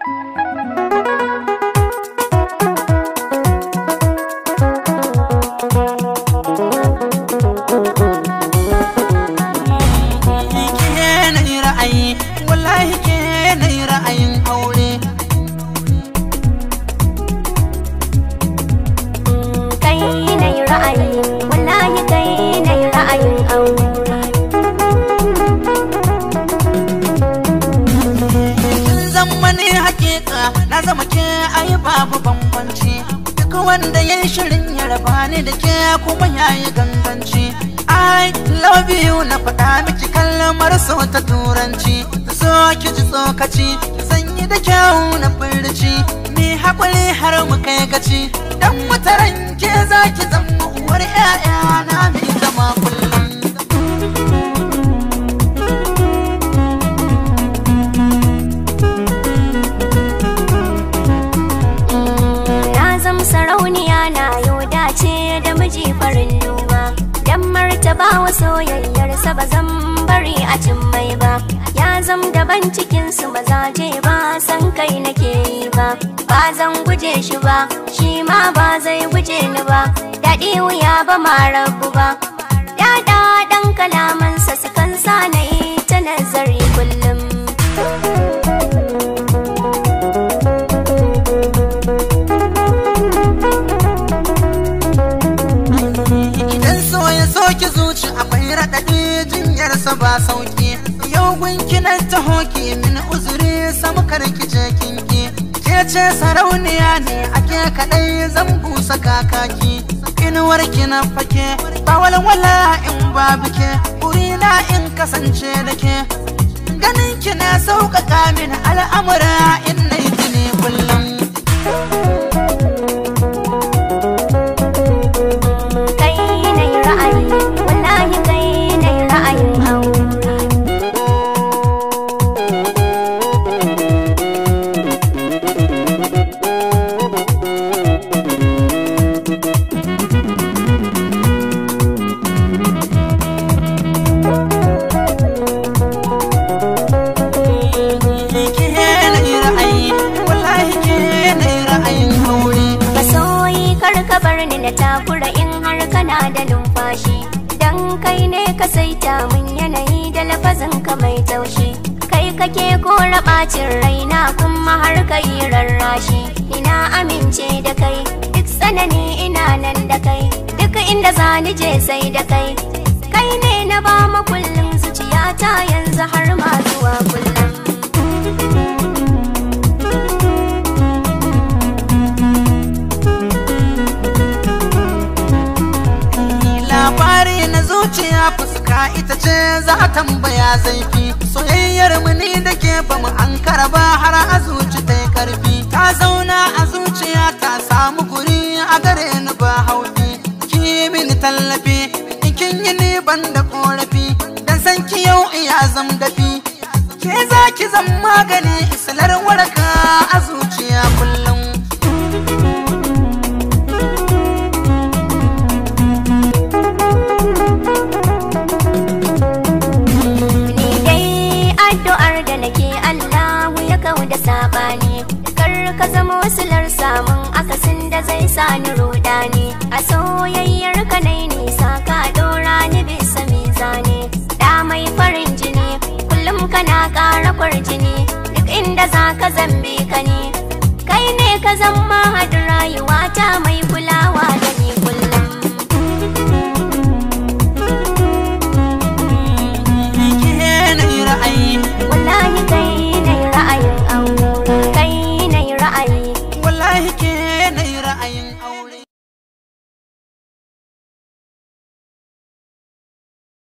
Thank you. zama ke ayi babu bambanci duk wanda ya yi shirin ya raba ni da ke kuma ya yi ganganci I love you na faɗa miki kalmar so ta turanci so ki ji tsokaci sanyi da kyau na furci ni hakuri har mu kai gaci dan mutaran ke za ki zama uwar 'ya'ya bawa soyayyarsa ba zan bari a cin mai ba ya zam daban su ba za je ba san kai nake yi ba ba zan guje shi ba shi ma ba zai guje ni ba daɗi wuya ba ma rabu ba sa ba sauki yau gunki na taho ki min uzuri samu karki je kinki ke ce sarauniya ne ake kadai zan busa kakaki in ki na fake ba walwala in ba bike na in kasance da ke ganin ki na sauƙaƙa min al'amura ka bar ni na takura in har kana da numfashi dan kai ne ka saita mun yanayi da lafazin ka mai taushi kai kake kora bacin raina kuma har kai rarrashi ina amince da kai duk tsanani ina nan da kai duk inda zani je sai da kai kai ne na ba makullin zuciyata yanzu har ma ita ce za tambaya zaifi soyayyar mu ne da ke ba mu an ba har a zuci ta karfi ta zauna a zuciya ta samu guri a gare ni ba hauti ki mini tallafi in kin yi ni ban da korafi dan san ki yau iya zam dafi ke za ki zan magani isalar waraka a zuciya kullum da sabani kar ka zama wasular samun akasin da zai sa ni rudani a soyayyar ka nai nisa ka dora ni bisa mizani da mai farin jini kullum kana ƙara jini. duk inda za ka zambe ka ne kai ne ka zama hadin rayuwa ta mai kulawa da ra'ayin aure